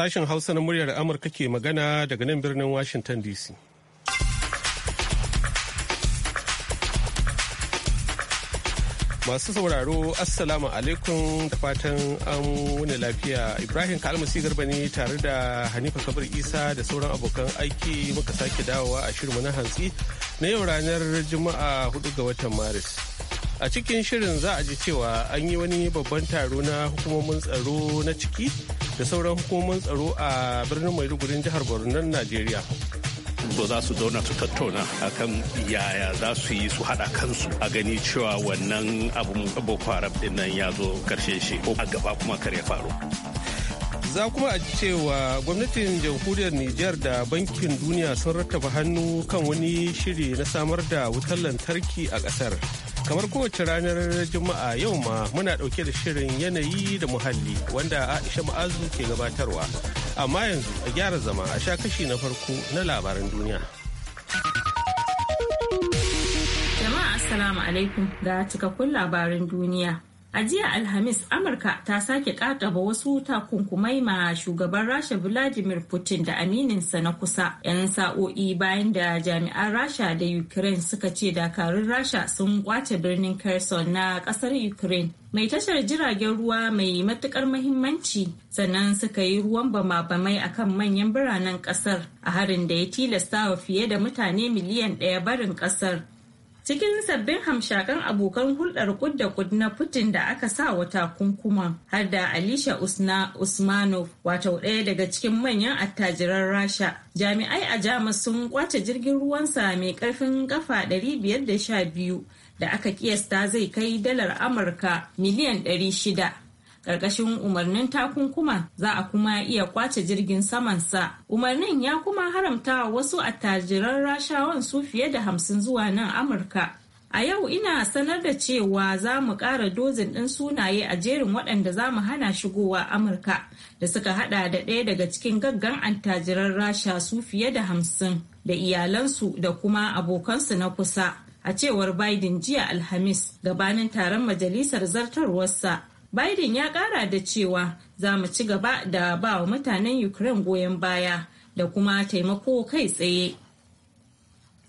Sashen Hausa na muryar Amurka ke magana daga nan birnin Washington DC. Masu sauraro Assalamu alaikum da fatan an wuni lafiya. Ibrahim Kalmasi Garba ne tare da Hanifa Kabir Isa da sauran abokan aiki muka sake dawowa a shirinmu na hantsi na yau ranar Juma'a 4 ga watan Maris. a cikin shirin za a ji cewa an yi wani babban taro na hukumomin tsaro na ciki da sauran hukumomin tsaro a birnin Maiduguri jihar borno najeriya to za su zauna su tattauna akan yaya za su yi su haɗa kansu a gani cewa wannan abun boko haram din nan ya zo karshen shi ko a gaba kuma kar ya faru za kuma a cewa gwamnatin jamhuriyar niger da bankin duniya sun rattaba hannu kan wani shiri na samar da wutar lantarki a kasar. kamar kowace ranar juma'a yau ma muna ɗauke da shirin yanayi da muhalli wanda aisha ma'azu ke gabatarwa amma yanzu a gyara zama a sha kashi na farko na labaran duniya jama'a assalamu alaikum ga cikakkun labarin duniya A jiya Alhamis, Amurka ta sake ƙaƙaba wasu takunkumai ma shugaban Rasha Vladimir Putin da amininsa na kusa 'yan sa'o'i bayan da jami'an Rasha da Ukraine suka ce dakarun Rasha sun kwace birnin Kherson na ƙasar Ukraine. Mai tashar jiragen ruwa mai matukar mahimmanci sannan suka yi ruwan bama-bamai a kan manyan biranen ƙasar a harin da ya tilastawa fiye da mutane miliyan ɗaya barin ƙasar cikin sabbin hamshakan abokan hulɗar kud da kud na Putin da aka sa wa takunkuman har da Alisha Usna Usmanov wato ɗaya daga cikin manyan attajiran Rasha. Jami'ai a Jamus sun kwace jirgin ruwansa mai ƙarfin kafa 512 da aka kiyasta zai kai dalar Amurka miliyan 600. Ƙarƙashin umarnin takunkuma za a kuma iya kwace jirgin samansa. Umarnin ya kuma haramta wasu attajiran rashawan su fiye da hamsin zuwa nan Amurka. A yau ina sanar da cewa za mu ƙara dozin ɗin sunaye a jerin waɗanda za mu hana shigowa Amurka da suka haɗa da ɗaya daga cikin gaggan attajiran rasha su fiye da hamsin da iyalansu da kuma abokansu na kusa. a cewar Biden jiya Alhamis gabanin taron majalisar zartarwarsa Biden ya kara da cewa za mu ci gaba da ba wa mutanen Ukraine goyon baya da kuma taimako kai tsaye.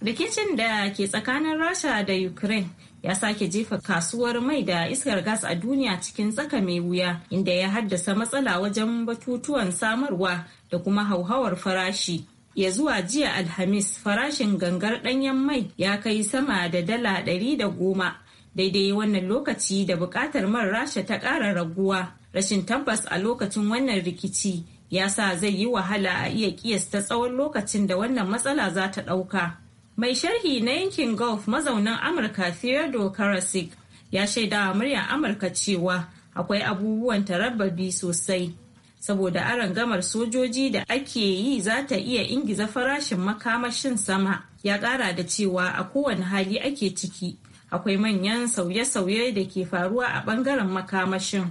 Rikicin da ke tsakanin Rasha da Ukraine ya sake jefa kasuwar mai da iskar gas a duniya cikin tsaka mai wuya inda ya haddasa matsala wajen batutuwan samarwa da kuma hauhawar farashi. Ya zuwa jiya Alhamis farashin gangar ɗanyen mai ya kai sama da dala ɗari da goma daidai wannan lokaci da buƙatar man rasha ta ƙara raguwa rashin tabbas a lokacin wannan rikici ya sa zai yi wahala a iya kiyasta tsawon lokacin da wannan matsala za ta ɗauka mai sharhi na yankin golf mazaunin amurka theodore karasik ya shaida wa muryar amurka cewa akwai abubuwan tarabbabi sosai saboda aron gamar sojoji da ake yi za ta iya ingiza farashin makamashin sama ya ƙara da cewa a kowane hali ake ciki akwai manyan sauye-sauye da ke faruwa a bangaren makamashin.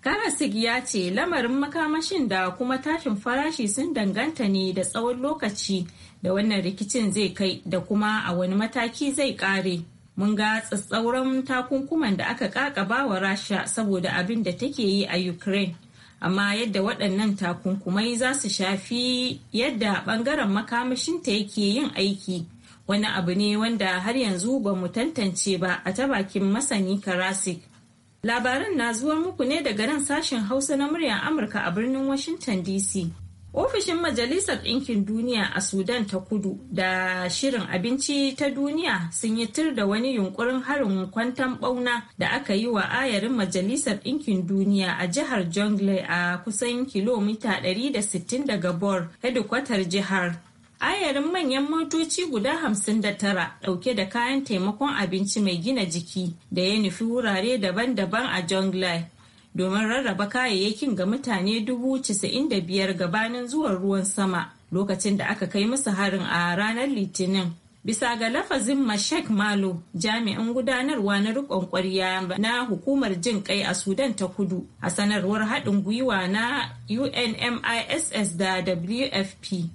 Karasik ya ce lamarin makamashin da kuma tashin farashi sun danganta ne da tsawon lokaci da wannan rikicin zai kai da kuma a wani mataki zai kare. Mun ga tsatsauran takunkuman da aka kakaba wa Rasha saboda abin da take yi a Ukraine. Amma yadda waɗannan takunkumai za su shafi yadda ɓangaren makamashinta yake yin aiki. wani abu ne wanda har yanzu ba mu tantance ba a ta bakin masani karasik labaran na zuwa muku ne daga nan sashen hausa na muryar amurka a birnin washington dc ofishin majalisar ɗinkin duniya a sudan ta kudu da shirin abinci ta duniya sun yi tur da wani yunkurin harin kwantan ɓauna da aka yi wa ayarin majalisar ɗinkin duniya a jihar jongle a kusan kilomita 160 daga bor hedikwatar jihar ayarin manyan motoci guda hamsin da tara dauke da kayan taimakon abinci mai gina jiki da ya nufi wurare daban-daban a jonglai domin rarraba kayayyakin ga mutane dubu casa'in da biyar gabanin zuwan ruwan sama lokacin da aka kai musu harin a ranar litinin bisa ga lafazin mashek malo jami'in gudanarwa na rikon kwarya na hukumar jin kai a sudan ta kudu a sanarwar haɗin gwiwa na unmiss da wfp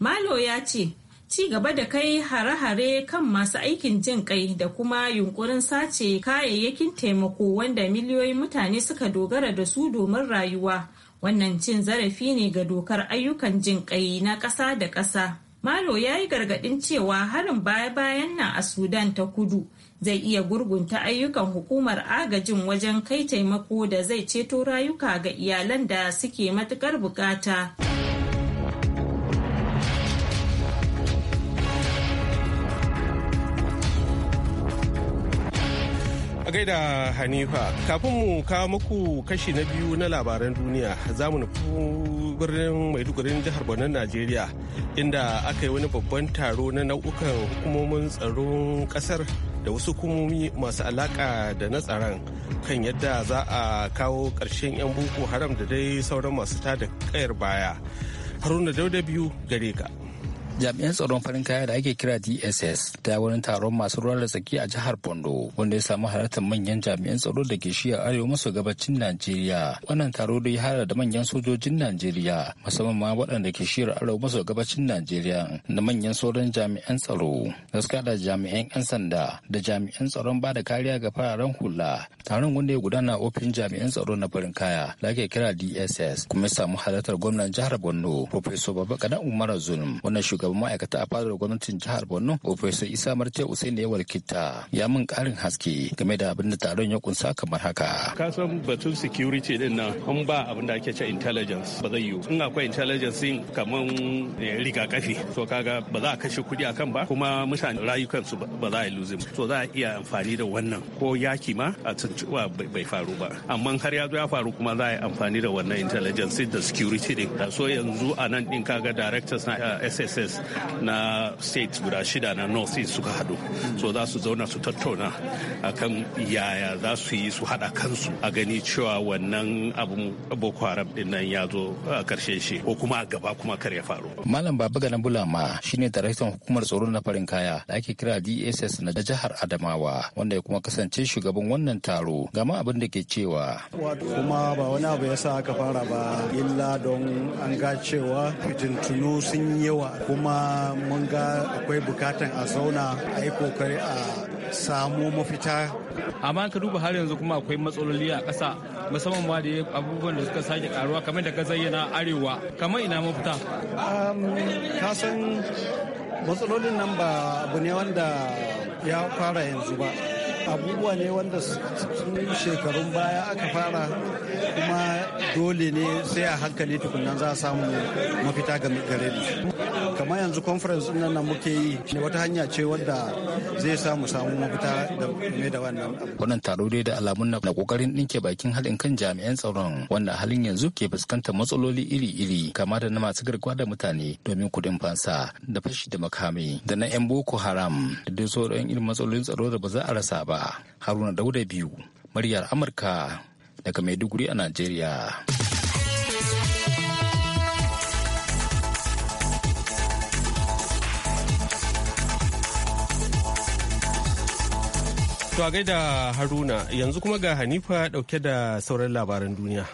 Malo ya ce, ci gaba da kai hare-hare kan masu aikin jin kai da kuma yunkurin sace kayayyakin taimako wanda miliyoyin mutane suka dogara da su domin rayuwa. Wannan cin zarafi ne ga dokar ayyukan jin kai na ƙasa da ƙasa. Malo ya yi gargaɗin cewa harin baya-bayan nan a Sudan ta kudu zai iya gurgunta ayyukan hukumar agajin wajen kai taimako da zai ceto rayuka ga iyalan da suke matukar bukata. A gaida Hanifa, kafin mu kawo muku kashi na biyu na labaran duniya za mu nufi birnin Maiduguri jihar Borno Najeriya inda aka yi wani babban taro na nau'ukan hukumomin tsaron kasar da wasu hukumomi masu alaka da na tsaron kan yadda za a kawo ƙarshen 'yan boko haram da dai sauran masu tada kayar baya. Haruna Dauda biyu gare ka. jami'an tsaron farin kaya da ake kira dss ta wani taron masu ruwa da tsaki a jihar bondo wanda ya samu halartar manyan jami'an tsaro da ke shiya arewa maso gabacin najeriya wannan taro da ya hada da manyan sojojin najeriya musamman ma waɗanda ke shiyar arewa maso gabacin najeriya da manyan sauran jami'an tsaro da da jami'an 'yan sanda da jami'an tsaron ba da kariya ga fararen hula taron wanda ya gudana ofishin jami'an tsaro na farin kaya da ake kira dss kuma ya samu halartar gwamnan jihar borno professor babakana umar zulum wannan shugaban shugaban ma'aikata a fadar gwamnatin jihar borno professor isa marce usain ya walkita ya min karin haske game da abin da taron ya kunsa kamar haka ka san batun security din nan an ba abin da ake ce intelligence ba zai yiwu in akwai intelligence din kamar eh, rigakafi to kaga ba za a kashe kuɗi akan ba kuma mutane rayukansu ba za a yi to za a iya amfani da wannan ko yaki ma a tuntuwa bai faru ba amma har ya ya faru kuma za a yi amfani da wannan intelligence da security din so yanzu a nan din kaga directors na sss eh, na state guda shida na north east suka hadu so za su zauna su tattauna akan yaya za su yi su hada kansu a gani cewa wannan abun boko haram din nan ya zo a karshen shi ko kuma a gaba kuma kar ya faru malam baba ganan bulama shine daraktan hukumar tsaro na farin kaya da ake kira dss na jihar adamawa wanda ya kuma kasance shugaban wannan taro gama abin da ke cewa kuma ba wani abu ya sa aka fara ba illa don an ga cewa fitintunu sun yawa kuma kuma mun ga akwai bukatan a zauna a yi kokari a samu mafita amma ka duba har yanzu kuma akwai matsaloli a ƙasa musamman ma da abubuwan da suka sake karuwa kamar da ka zayyana arewa kamar ina mafita ka san matsalolin nan ba abu ne wanda ya fara yanzu ba abubuwa ne wanda sun shekarun baya aka fara kuma dole ne sai a hankali tukunan za a samu mafita game gare kamar yanzu conference nan muke yi wata hanya ce wadda zai samu samu mafita da game da wannan wannan taro dai da alamun na kokarin ɗinke bakin halin kan jami'an tsaron wanda halin yanzu ke fuskantar matsaloli iri-iri kama da na masu garkuwa da mutane domin kuɗin fansa da fashi da makami da na 'yan boko haram da dai sauran irin matsalolin tsaro da ba za a rasa ba haruna dauda biyu muryar amurka daga maiduguri a najeriya To a gaida Haruna yanzu kuma ga Hanifa dauke da sauran labaran duniya.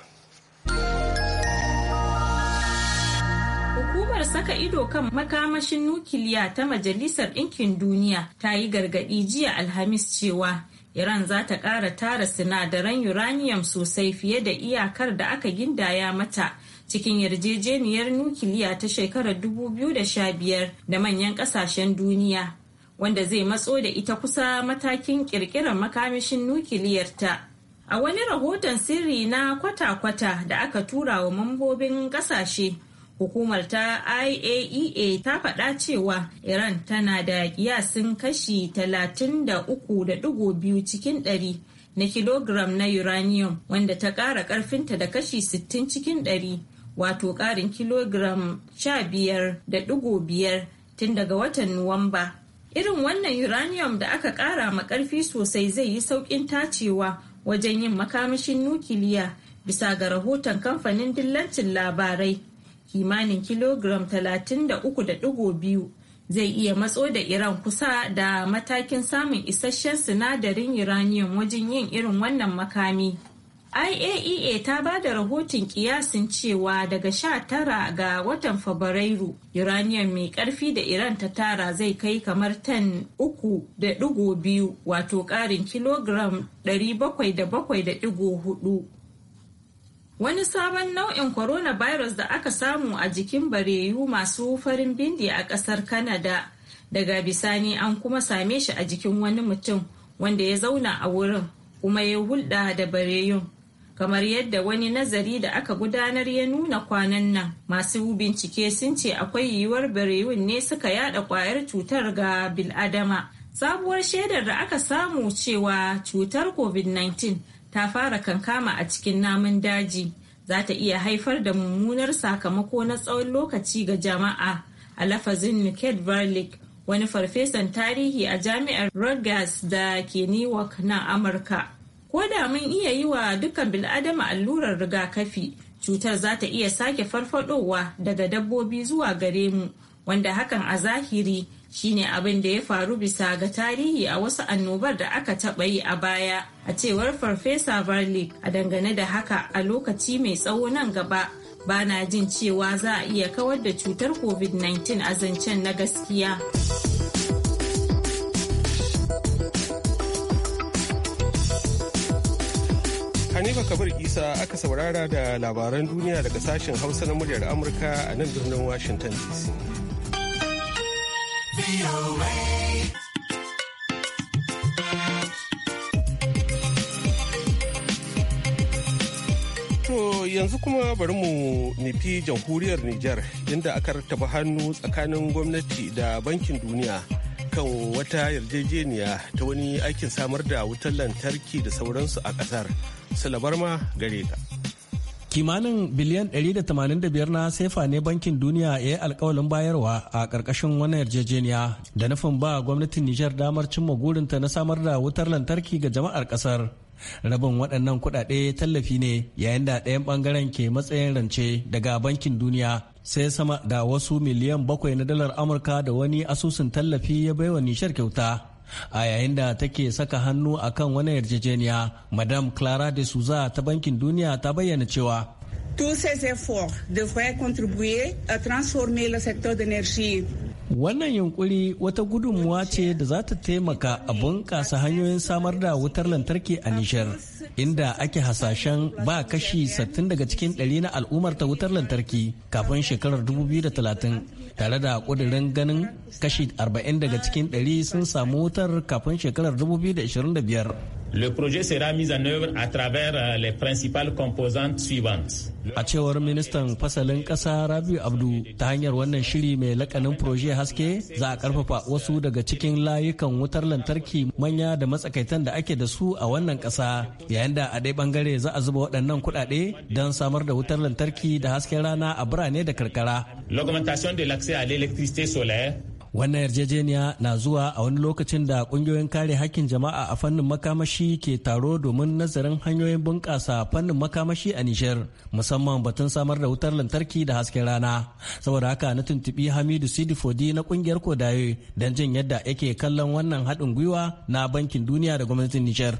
Hukumar saka ido kan makamashin nukiliya ta Majalisar Ɗinkin Duniya ta yi gargaɗi jiya Alhamis cewa Iran za ta ƙara tara sinadaran uranium sosai fiye da iyakar da aka gindaya mata cikin yarjejeniyar nukiliya ta shekarar 2015 da manyan ƙasashen duniya wanda zai matso da ita kusa matakin kirkirar makamashin nukiliyarta. A wani rahoton sirri na kwata-kwata da aka tura wa mambobin kasashe, hukumar ta IAEA e ta faɗa cewa Iran tana da kiyasin kashi 33.2 cikin dari na kilogram na uranium wanda ta ƙara ƙarfinta da kashi 60 cikin ɗari, wato ƙarin kilogram 15.5 tun daga watan Nuwamba. irin wannan uranium da aka kara ma sosai zai yi sauƙin tacewa wajen yin makamashin nukiliya bisa ga rahoton kamfanin dillancin labarai kimanin kilogram 33.2 zai iya matso da iran kusa da matakin samun isasshen sinadarin uranium wajen yin irin wannan makami. IAEA e ta ba da rahoton kiyasin cewa daga 19 ga watan Fabrairu, uranium mai karfi da Iran ta tara zai kai kamar tan 3.2 wato karin kilogram 777.4. Wani sabon nau'in coronavirus da aka samu a jikin bareyu masu farin bindi a ƙasar Kanada, daga bisani an kuma same shi a jikin wani mutum wanda ya zauna a wurin kuma ya hulɗa da bareyun. kamar yadda wani nazari da aka gudanar ya nuna kwanan nan masu bincike sun ce akwai yiwuwar berewin ne suka yada kwayar cutar ga biladama sabuwar shaidar da aka samu cewa cutar covid-19 ta fara kankama a cikin namun daji za ta iya haifar da mummunar sakamako na tsawon lokaci ga jama'a a lafazin Niket Verlick wani farfesan tarihi a jami'ar Rutgers da ke Newark na Amurka. ko da mun iya yi wa dukkan bil'adama allurar rigakafi cutar za ta iya sake farfadowa daga dabbobi zuwa gare mu wanda hakan a zahiri shine abin da ya faru bisa ga tarihi a wasu annobar da aka taɓa yi a baya a cewar farfesa varlik a dangane da haka a lokaci mai tsawo nan gaba ba na jin cewa za a iya kawar da cutar covid-19 a zancen na gaskiya. Hanifa Kabir Isa aka saurara da labaran duniya daga sashen Hausa na muryar Amurka a nan birnin Washington DC. To yanzu kuma bari mu nufi jamhuriyar Nijar inda aka rattaba hannu tsakanin gwamnati da bankin duniya kan wata yarjejeniya ta wani aikin samar da wutar lantarki da sauransu a kasar. su ma gare ta. kimanin biliyan 185 na sefa ne bankin duniya ya yi alkawalin bayarwa a ƙarƙashin wani yarjejeniya da nufin ba gwamnatin nijar damar cimma gurinta na samar da wutar lantarki ga jama'ar ƙasar rabin waɗannan kuɗaɗe tallafi ne yayin da ɗayan ɓangaren ke matsayin rance daga bankin duniya sai sama da wasu miliyan bakwai na dalar amurka da wani asusun tallafi ya baiwa nishar kyauta a yayin da take saka hannu a kan wani yarjejeniya madam clara de souza ta bankin duniya ta bayyana cewa Tous ces efforts devraient contribuer à transformer le secteur d'énergie Wannan yunkuri wata gudunmuwa ce da za ta taimaka a bunƙasa hanyoyin samar da wutar lantarki a Nijar. inda ake hasashen ba kashi 60 daga cikin ɗari na al'ummar ta wutar lantarki kafin shekarar 2030 tare da ƙudurin ganin kashi 40 daga cikin ɗari sun samu wutar kafin shekarar 2025. Le projet sera mis en œuvre à travers euh, les principales composantes suivantes. A cewar ministan fasalin kasa Rabiu Abdu ta hanyar wannan shiri mai lakanin proje haske za a karfafa wasu daga cikin layukan wutar lantarki manya da matsakaitan da ake da su a wannan kasa. yayin da a dai bangare za a zuba waɗannan kuɗaɗe don samar da wutar lantarki da hasken rana a birane da karkara. L'augmentation de l'accès à l'électricité solaire wannan yarjejeniya na zuwa a wani lokacin da ƙungiyoyin kare hakkin jama'a a fannin makamashi ke taro domin nazarin hanyoyin bunƙasa fannin makamashi a nijar musamman batun samar da wutar lantarki da hasken rana saboda haka na tuntuɓi hamidu sidifodi na ƙungiyar kodayo don jin yadda yake kallon wannan haɗin gwiwa na bankin duniya da gwamnatin nijar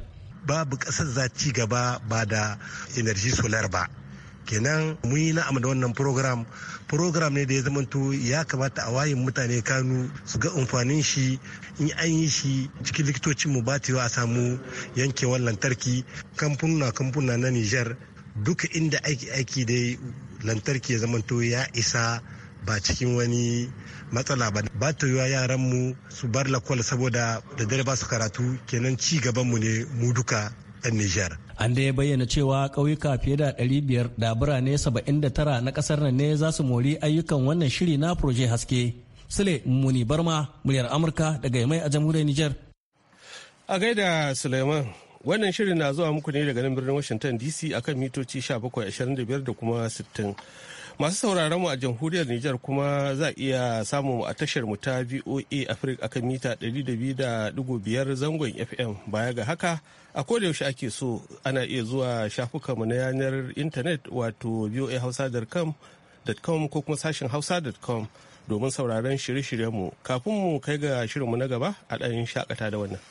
babu ƙasar za ci gaba ba da energy solar ba kenan mun yi na'am da wannan program program ne da ya zamanto ya kamata a wayin mutane kanu su ga amfanin shi in an yi shi cikin likitocin mu batewa a samu yankewar lantarki kamfuna kamfuna na niger duka inda aiki aiki dai lantarki ya zamanto ya isa ba cikin wani matsala ba ba ta yiwa yaran mu su bar lakwal saboda da dare ba su karatu kenan ci gaban mu ne mu duka 'yan Nijar. An da ya bayyana cewa kauyuka fiye da 500 da birane 79 na ƙasar nan ne za su mori ayyukan wannan shiri na Proje Haske. Sule Muni Barma, muryar Amurka daga mai a jamhuriyar Nijar. A gaida Suleiman, wannan shirin na zuwa muku ne daga nan birnin Washington DC akan mitoci 25 da kuma 60. Masu sauraron mu a jamhuriyar Nijar kuma za iya samu a tashar mu ta VOA Africa akan mita 200.5 zangon FM baya ga haka a yaushe ake so ana iya zuwa shafukanmu na yanar intanet wato voahausa.com ko kuma sashen hausa.com domin sauraron shirye-shiryenmu kafin mu kai ga shirinmu na gaba a ɗan shakata da wannan.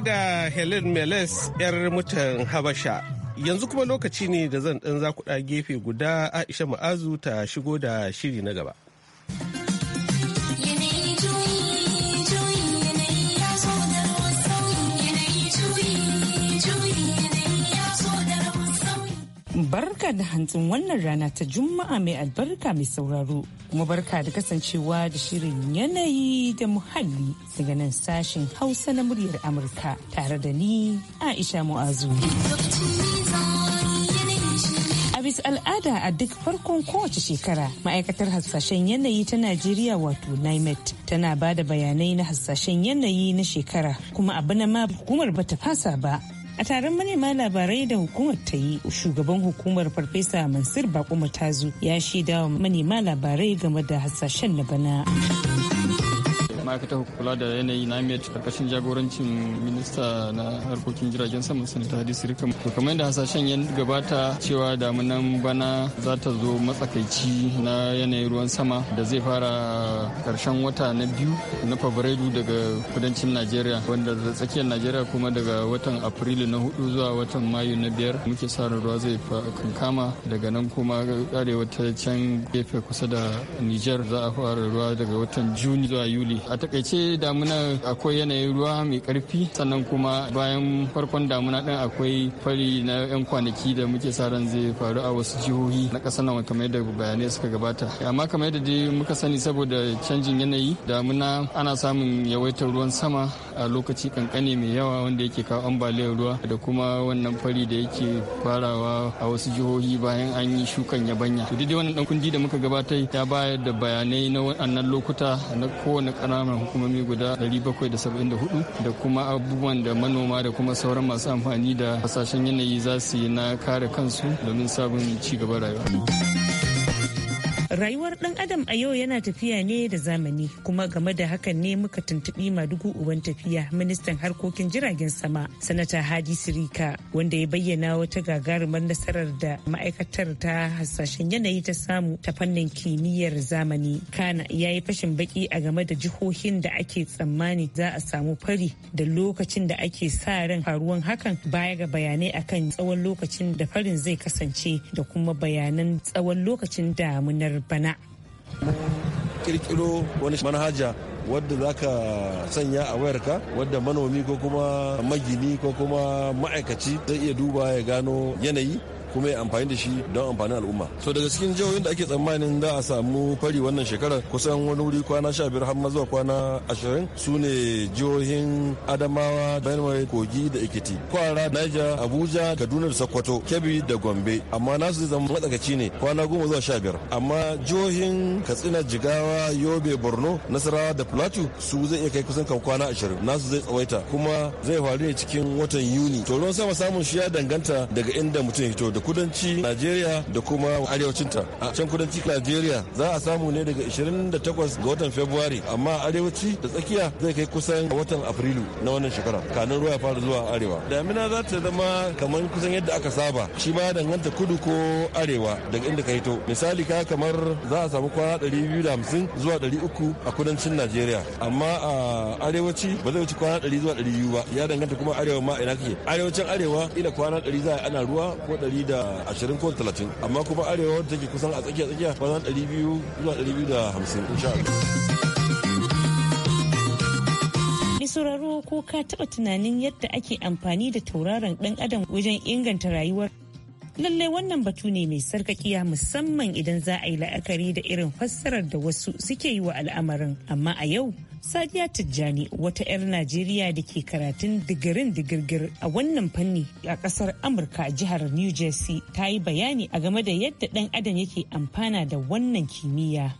da Helen Meles 'yar mutan Habasha. Yanzu kuma lokaci ne da zan ɗan zakuɗa gefe guda Aisha Ma'azu ta shigo da shiri na gaba. Barka da hantsin wannan rana ta Juma'a mai albarka mai sauraro, kuma barka da kasancewa da shirin yanayi da muhalli daga nan sashen Hausa na muryar Amurka tare da ni Aisha Mu'azu. bisa al'ada a duk farkon kowace shekara ma'aikatar hasashen yanayi ta najeriya wato nimet tana ba da bayanai na hasashen yanayi na shekara kuma abu na ma hukumar bata fasa ba a taron manema labarai da hukumar ta yi shugaban hukumar farfesa mansur bako matazu ya shaida wa manema labarai game da hasashen na bana. ma'aikatar kula da yanayi na met karkashin jagorancin minista na harkokin jiragen sama sanata hadisu rikam to kamar yadda hasashen ya gabata cewa damunan bana za ta zo matsakaici na yanayin ruwan sama da zai fara karshen wata na biyu na fabrairu daga kudancin najeriya wanda tsakiyar najeriya kuma daga watan afrilu na hudu zuwa watan mayu na biyar muke sa ruwa zai kankama daga nan kuma arewa ta can gefe kusa da niger za a fara ruwa daga watan juni zuwa yuli a takaice damuna akwai yanayin ruwa mai karfi sannan kuma bayan farkon damuna din akwai fari na yan kwanaki da muke sa ran zai faru a wasu jihohi na kasar nan kamar yadda bayanai suka gabata amma kamar yadda dai muka sani saboda canjin yanayi damuna ana samun yawaitar ruwan sama a lokaci kankane mai yawa wanda yake kawo ambaliyar ruwa da kuma wannan fari da yake farawa a wasu jihohi bayan an yi shukan yabanya to dai wannan dan kundi da muka gabata ya bayar da bayanai na wannan lokuta na kowane ƙananan ƙananan hukumomi guda 774 da kuma abubuwan da manoma da kuma sauran masu amfani da hasashen yanayi za su yi na kare kansu domin sabon ci gaba rayuwa. Rayuwar dan Adam a yau yana tafiya ne da zamani kuma game da hakan ne muka tuntuɓi Madugu Uban Tafiya ministan harkokin jiragen sama sanata Hadi Sirika wanda ya bayyana wata gagarumar nasarar da ma'aikatar ta hasashen yanayi ta samu ta fannin kimiyyar zamani. Kana ya yi fashin baki a game da jihohin da ake tsammani za a samu fari da lokacin da ake sa ran faruwan hakan baya ga bayanai akan tsawon lokacin da farin zai kasance da kuma bayanan tsawon lokacin damunar bana. kirkiro wani manhaja wadda za ka sanya a wayarka wadda manomi ko kuma magini ko kuma ma'aikaci zai iya duba ya gano yanayi kuma ya amfani da shi don amfanin al'umma so daga cikin jihohin da ake tsammanin za a samu fari wannan shekarar kusan wani wuri kwana sha biyar har ma zuwa kwana ashirin su ne jihohin adamawa benue kogi da ikiti kwara niger abuja kaduna da sokoto kebbi da gombe amma nasu zai zama matsakaci ne kwana goma zuwa sha biyar amma jihohin katsina jigawa yobe borno nasarawa da plateau su zai iya kai kusan kan kwana ashirin nasu zai tsawaita kuma zai faru ne cikin watan yuni to ruwan sama samun shi ya danganta daga inda mutum ya fito da kudanci Najeriya da kuma arewacin ta A can kudanci Najeriya za a samu ne daga 28 ga watan Fabrairu amma arewaci da tsakiya zai kai kusan watan Afrilu na wannan shekara kanin ruwa ya fara zuwa arewa. Damina za ta zama kamar kusan yadda aka saba shi ma danganta kudu ko arewa daga inda ka hito. Misali ka kamar za a samu kwana 250 zuwa 300 a kudancin Najeriya amma a arewaci ba zai wuce kwana 100 zuwa 200 ba ya danganta kuma arewa ma ina kake. Arewacin arewa ina kwana 100 za a ana ruwa ko 100 da ashirin ko talatin amma kuma arewa wadda take kusan a tsakiya tsakiya kwana ɗari biyu zuwa ɗari biyu da hamsin insha sauraro ko ka taɓa tunanin yadda ake amfani da tauraron ɗan adam wajen inganta rayuwar lalle wannan batu ne mai sarkakiya musamman idan za a yi la'akari da irin fassarar da wasu suke yi wa al'amarin amma a yau Sadiya Tijjani wata 'yar Najeriya da ke karatun digirin digirgir a wannan fanni a kasar Amurka a jihar New Jersey ta yi bayani a game da yadda ɗan adam yake amfana da wannan kimiyya.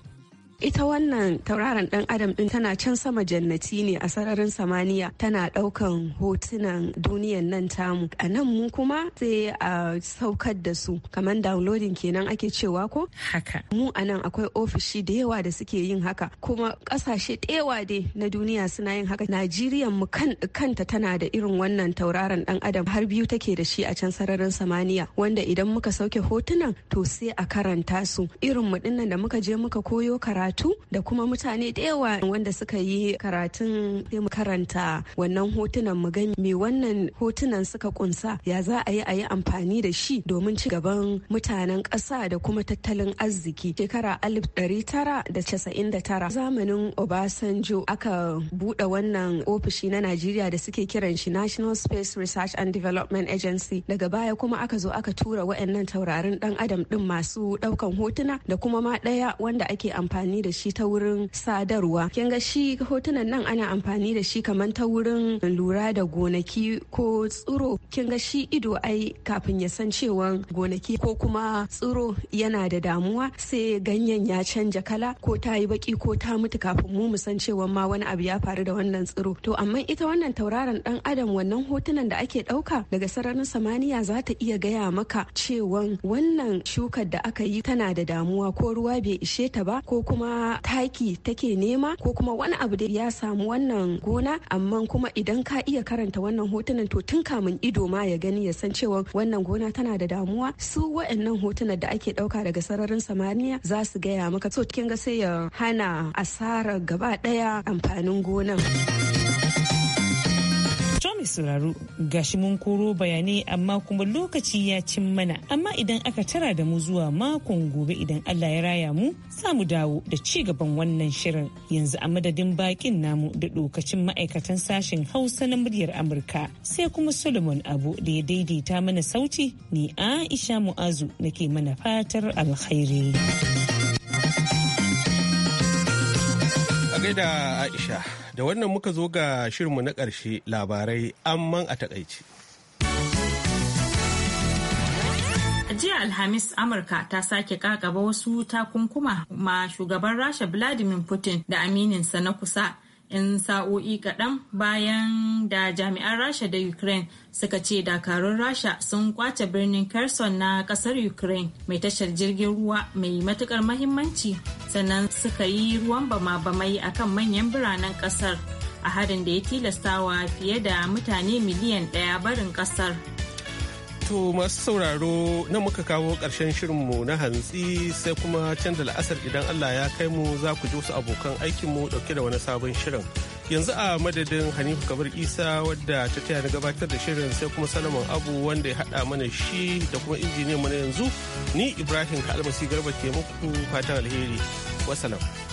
ita wannan tauraron dan adam din tana can sama jannati ne a sararin samaniya tana daukan hotunan duniyan nan tamu a nan mu kuma sai a saukar da su kamar downloading kenan ake cewa ko haka mu a nan akwai ofishi da yawa da suke yin haka kuma kasashe ɗewa dai na duniya suna yin haka najeriya mu kan kanta tana da irin wannan tauraron dan adam har biyu take da shi a can sararin samaniya wanda idan muka sauke hotunan to sai a karanta su irin mu dinnan da muka je muka koyo karatu karatu da kuma mutane da yawa wanda suka yi karatun sai mu karanta wannan hotunan mu gani me wannan hotunan suka kunsa ya za a yi a yi amfani da shi domin ci gaban mutanen ƙasa da kuma tattalin arziki shekara alif ɗari tara da casa'in da tara zamanin obasanjo aka buɗe wannan ofishi na najeriya da suke kiran shi national space research and development agency daga baya kuma aka zo aka tura wa'annan taurarin ɗan adam ɗin masu ɗaukan hotuna da kuma ma ɗaya wanda ake amfani amfani da shi ta wurin sadarwa kin ga shi hotunan nan ana amfani da shi kamar ta wurin lura da gonaki ko tsiro kin ga shi ido ai kafin ya san cewa gonaki ko kuma tsiro yana da damuwa sai ganyen ya canja kala ko ta yi baki ko ta mutu kafin mu san cewa ma wani abu ya faru da wannan tsiro to amma ita wannan tauraron dan adam wannan hotunan da ake dauka daga sararin samaniya za ta iya gaya maka cewa wannan shukar da aka yi tana da damuwa ko ruwa bai ishe ta ba ko kuma kuma taki take nema ko kuma wani abu da ya samu wannan gona amma kuma idan ka iya karanta wannan hotunan to tun kamun ido ma ya gani ya san cewa wannan gona tana da damuwa su wa'annan hotunan da ake dauka daga sararin samaniya za su gaya maka so cikin ga sai ya hana asarar gaba daya amfanin gonan. mai sauraro gashi mun koro bayanai amma kuma lokaci ya cin mana amma idan aka tara da mu zuwa makon gobe idan Allah ya raya mu za mu dawo da ci gaban wannan shirin yanzu a madadin bakin namu da lokacin ma'aikatan sashen Hausa na muryar Amurka sai kuma Solomon Abu da ya daidaita mana sauti ni Aisha Mu'azu nake mana fatar alkhairi. A gaida Aisha da wannan muka zo ga shirinmu na ƙarshe labarai man a takaici. jiya alhamis amurka ta sake kakaba wasu takunkuma ma shugaban rasha vladimir putin da amininsa na kusa in sa'o'i kaɗan bayan da jami'an rasha da ukraine suka ce dakarun rasha sun kwace birnin kherson na ƙasar ukraine mai tashar jirgin ruwa mai matukar mahimmanci sannan suka yi ruwan bama-bamai a kan manyan biranen kasar a harin da ya tilastawa fiye da mutane miliyan ɗaya barin kasar. To masu sauraro nan muka kawo ƙarshen shirinmu na hantsi sai kuma canza la'asar idan Allah ya kai mu za ku ji wasu abokan aikinmu ɗauke da wani sabon shirin. yanzu a madadin hanifu kabar isa wadda ta taya na gabatar da shirin sai kuma salaman abu wanda ya haɗa mana shi da kuma injiniyan mana yanzu ni ibrahim kalmasi garba ke muku fatan alheri wasalam